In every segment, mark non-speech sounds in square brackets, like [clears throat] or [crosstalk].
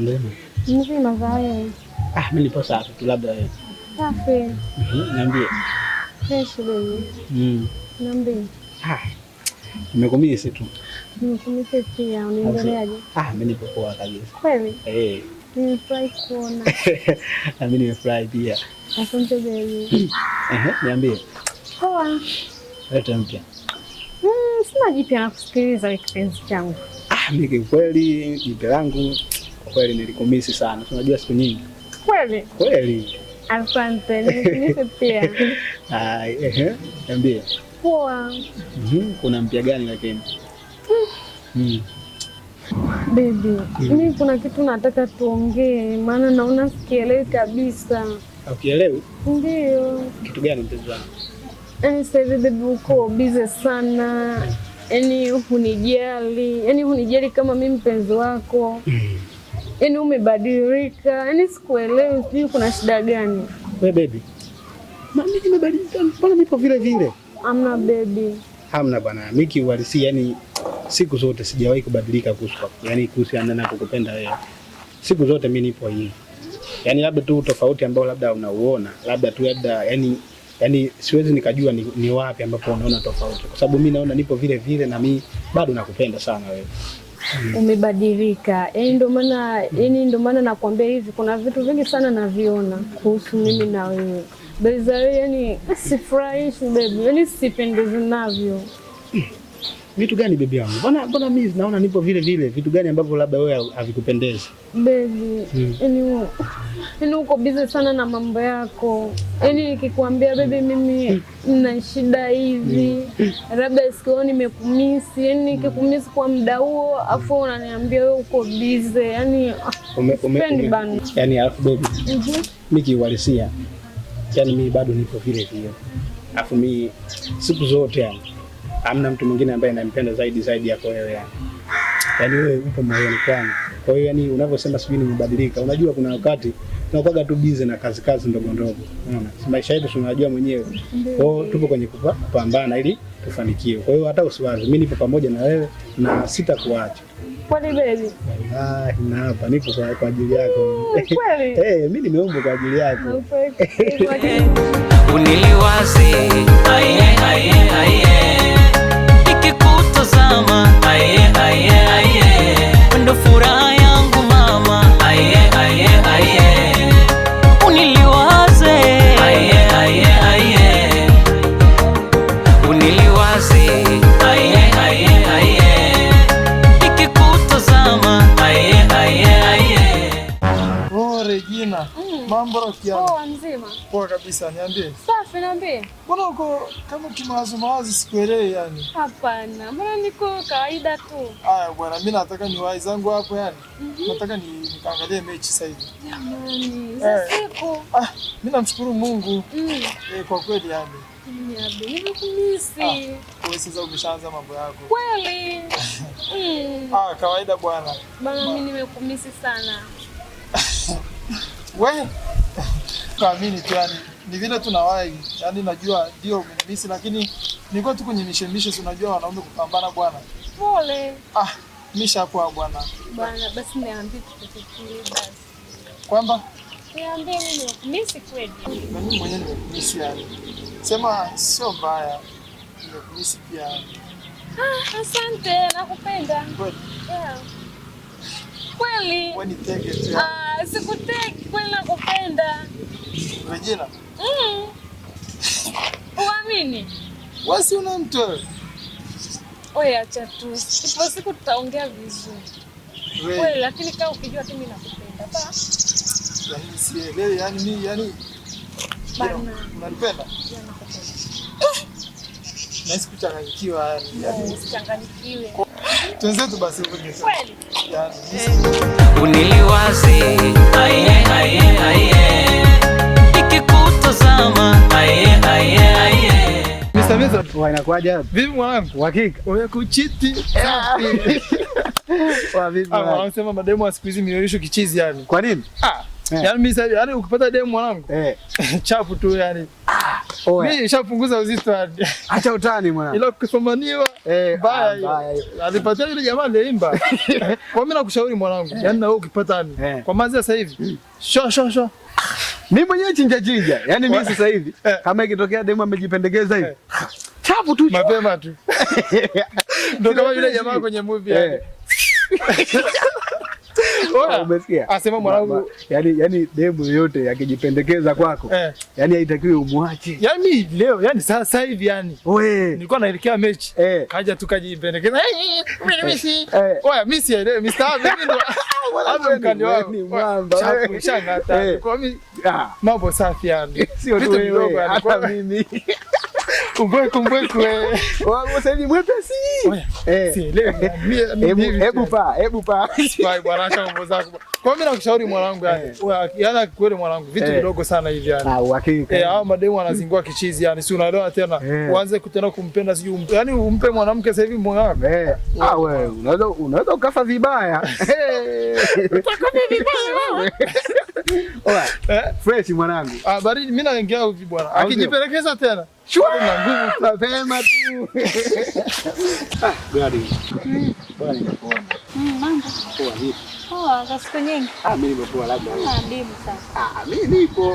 Marehemu. Mzima za wewe. Ah, mimi nipo safi tu, labda wewe. Safi. Mhm, niambie. Fresh baby. Mm. Niambie. Ah. Nimekumisi tu. Nimekumisi pia, unaendeleaje? Ah, mimi nipo poa kabisa. Kweli? Eh. Nimefurahi kuona. [laughs] Na mimi nimefurahi pia. Asante baby. [clears throat] Eh, niambie. Poa. Leta mpya. Mm, sina jipya na kipenzi changu. Ah, mimi kweli jipya langu Kweli nilikumisi sana, tunajua siku nyingi. Kweli kweli. Asante, [laughs] nilikumisi pia. Ai, ehe, niambie. Poa. Mhm, kuna mpya gani lakini? Mhm. Baby, hmm. mimi kuna kitu nataka tuongee, maana naona sikielewi kabisa. Ukielewi? Ndio. Kitu gani mpenzi wangu? Eh, sasa hivi uko busy sana. Hmm. yani hunijali, yani hunijali kama mimi mpenzi wako. Mm yani umebadilika, yani sikuelewi, sijui kuna shida gani? Hey baby, mimi nimebadilika, mbona nipo vile vile? Hamna baby, hamna bwana, mimi kiuhalisia, yani siku zote sijawahi kubadilika kuhusu yani kuhusiana na kukupenda wewe, siku zote mimi nipo hivi yani labda tu tofauti ambao labda unauona labda tu labda yani, yani siwezi nikajua ni, ni wapi ambapo unaona tofauti, kwa sababu mimi naona nipo vile vile na mimi bado nakupenda sana wewe. Mm. umebadilika. Yani ndio maana yani ndio maana nakwambia hivi, kuna vitu vingi sana naviona kuhusu mimi na wewe bezawee, yani sifurahishi bebi, yani sipendezi navyo Vitu gani bibi yangu? Mbona mbona mimi naona nipo vile vile. Vitu gani ambavyo labda wewe havikupendezi? Baby, hmm. yani yani uko busy sana na mambo yako. Yani nikikwambia bebi mimi nina shida hivi, labda sikio nimekumisi, yani nikikumisi kwa muda huo, afu unaniambia wewe uko busy. Yani umependi bana. Yani alafu baby, mimi mhm. kiuhalisia, yani mimi bado nipo vile vile, afu mimi siku zote yani hamna mtu mwingine ambaye nampenda zaidi zaidi yako wewe yani. Yaani wewe upo moyoni kwangu. Kwa hiyo yani unavyosema sijui nimebadilika. Unajua kuna wakati tunakuwa tu busy na kazi kazi ndogo ndogo. Unaona? Maisha yetu tunajua mwenyewe. Kwa hiyo tupo kwenye kupambana ili tufanikiwe. Kwa hiyo hata usiwaze, mimi nipo pamoja na wewe na sitakuacha. Kweli baby? Ah, na hapa nipo kwa ajili yako. Kweli? [laughs] Eh, mimi nimeumbwa kwa ajili yako. Uniliwazi. Aiye, aiye, aiye kutozama, aye aye aye, wendo furaha yangu mama, aye aye aye, uniliwaze, aye aye aye, uniliwaze, aye aye aye, nikikutozama, aye aye aye. Oh, Regina, mm. mambo rafiki yangu kabisa, niambie. Safi, niambie. Mbona uko kama kimawazo mawazi, sikuelewi yani. Hapana, mbona niko kawaida tu. Aya bwana, mimi nataka niwahi zangu hapo yani. Mm -hmm. Nataka ni nikaangalie mechi sasa hivi. Jamani, eh. siku. Ah, mimi namshukuru Mungu. Mm. Eh, kwa kweli yani. Ah, sasa umeshaanza mambo yako kweli. [laughs] Mm. Ah, kawaida bwana. Bana, mimi nimekumisi sana. [laughs] Wewe tukaamini tu yani ni vile tunawahi yani, najua ndio umenimisi, lakini nilikuwa tu kwenye mishe mishe unajua wanaume kupambana bwana. Pole. Ah, misha kwa bwana. Bwana, basi niambi tukufikirie basi. Kwamba? niambi mimi nimekumisi kweli. Mimi mwenyewe nimekumisi yani. Sema sio mbaya. Nimekumisi pia. Ah, asante, nakupenda. Kweli. Yeah. Kweli. Wewe ni tege tu. Ah, sikuteki kweli nakupenda. Regina. Mm. Mm-hmm. Uamini? Wasi una mtu. Wewe acha tu. Sipo siku tutaongea vizuri. Wewe lakini kama ukijua tu mimi nakupenda. Ba. Yaani sielewi yani mimi yani. bana. Unanipenda? Yaani nakupenda. [laughs] Na sikuchanganyikiwa yaani. yani. sichanganyikiwe. Twenzetu basi huko ni. Kweli. Yaani. Eh. Uniliwazi. Aiye aiye aiye. Vipi mwanangu? Hakika. Umekuchiti. [laughs] Ah, wanasema mademu wa siku hizi mioyosho kichizi yani. Kwa nini? Ah. Yaani mimi sasa yaani ukipata demu mwanangu. Eh. [laughs] Chapu tu yani. Ah. Mimi nishapunguza uzito yani. [laughs] Acha utani mwanangu. Ila kusomaniwa. Eh. Ah, Baya. Alipatia yule jamaa leimba. Kwa mimi nakushauri mwanangu. Yaani na wewe ukipata yani. Eh. Kwa maana sasa hivi. Hmm. Sho sho sho. Mimi mwenyewe chinja chinja. Yaani mimi sasa hivi eh. kama ikitokea demu amejipendekeza hivi. Eh. Chapu tu. Mapema tu. [laughs] Ndio kama yule jamaa kwenye movie yake. Eh. [laughs] Oh, ah. Umesikia? Asema ah, mwanangu, yani yani demu yoyote akijipendekeza kwako, eh. yani haitakiwi umwache. Yani leo, yani sasa hivi yani. Wewe. Nilikuwa naelekea mechi. Eh. Kaja tukajipendekeza. Eh, mimi si. Oya, mimi si ile Mr. Mimi ndo. Hapo mkandi wao. Chapu shanga Kwa mimi ah. mambo safi yani. [laughs] Sio tu wewe, hata mimi. [laughs] Kwa mimi nakushauri mwanangu, yani eh. akikweli yaani mwanangu, vitu eh. vidogo sana hivi yani. Ah, eh, hao mademu wanazingua kichizi yani, si unaelewa tena, uanze kutenda kumpenda sijui, yani umpe mwanamke sasa hivi moyo Ah, wewe unaweza ukafa vibaya. [laughs] Fresh mwanangu. Ah, baridi mimi naingia hivi bwana. Akijipelekeza tena na nguvu tunapema tu. Mimi nipo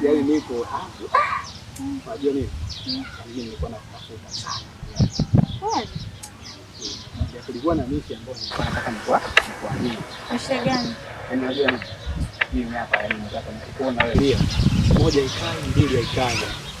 yaani, nipo ah, ah. Mm. unajua nini, mm. nilikuwa na sana mm. kulikuwa na miti ambayo nilikuwa nataka nikuamini. Mshe gani? Yaani unajua nini? Mimi hapa yaani nataka nikuona wewe. Moja ikae, mbili haikae.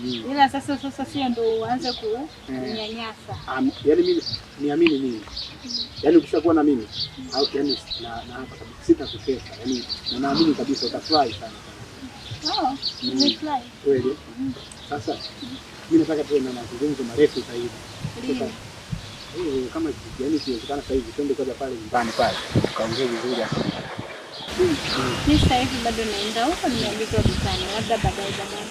mm. Ila sasa sasa sio ndo uanze eh. kunyanyasa. Yaani mimi niamini mimi, mm. yaani ukishakuwa na mimi au yaani na na hapa kabisa sitakutesa, yaani na naamini kabisa utafurahi sana. Oh, mm. nimefurahi. Kweli? Mm. Sasa mimi nataka tuwe na mazungumzo marefu zaidi. Sasa eh, kama yaani ikiwezekana sasa hivi twende kwanza pale nyumbani pale ukaongee vizuri hapo. Mimi sasa hivi bado naenda huko, nimeandikwa dukani, labda baadaye jamani.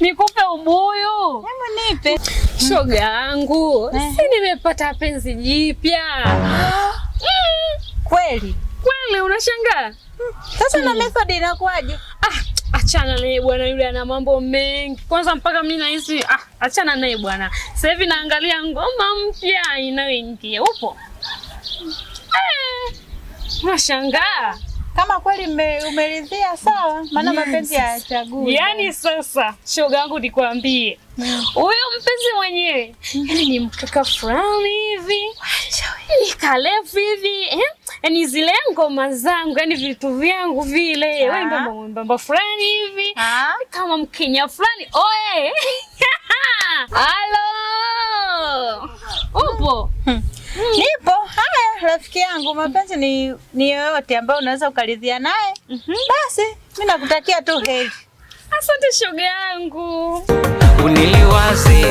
nikupe ubuyu? Hebu nipe. Shoga yangu, eh. si nimepata penzi jipya. Kweli? Kweli unashangaa? Hmm. Sasa na hmm. method inakuwaje? Ah, achana naye bwana, yule ana mambo mengi. Kwanza mpaka mimi nahisi ah, achana naye bwana. Sasa hivi naangalia ngoma mpya inayoingia. Upo? Eh. Unashangaa? Kama kweli umeridhia sawa, maana mapenzi hayachagui. Yaani sasa, shoga yangu, nikwambie mm. huyo mpenzi mwenyewe yaani ni mkaka fulani hivi yaani kalefu hivi eh? yaani zile ngoma zangu yani vitu vyangu vile ah. wembamba fulani hivi ah. kama Mkenya fulani oye. [laughs] Halo, mm. upo? Hmm. Hmm rafiki yangu, mapenzi ni ni yoyote ambayo unaweza ukaridhia naye mm -hmm. Basi mi nakutakia tu heri. Asante shoga yangu, uniliwazi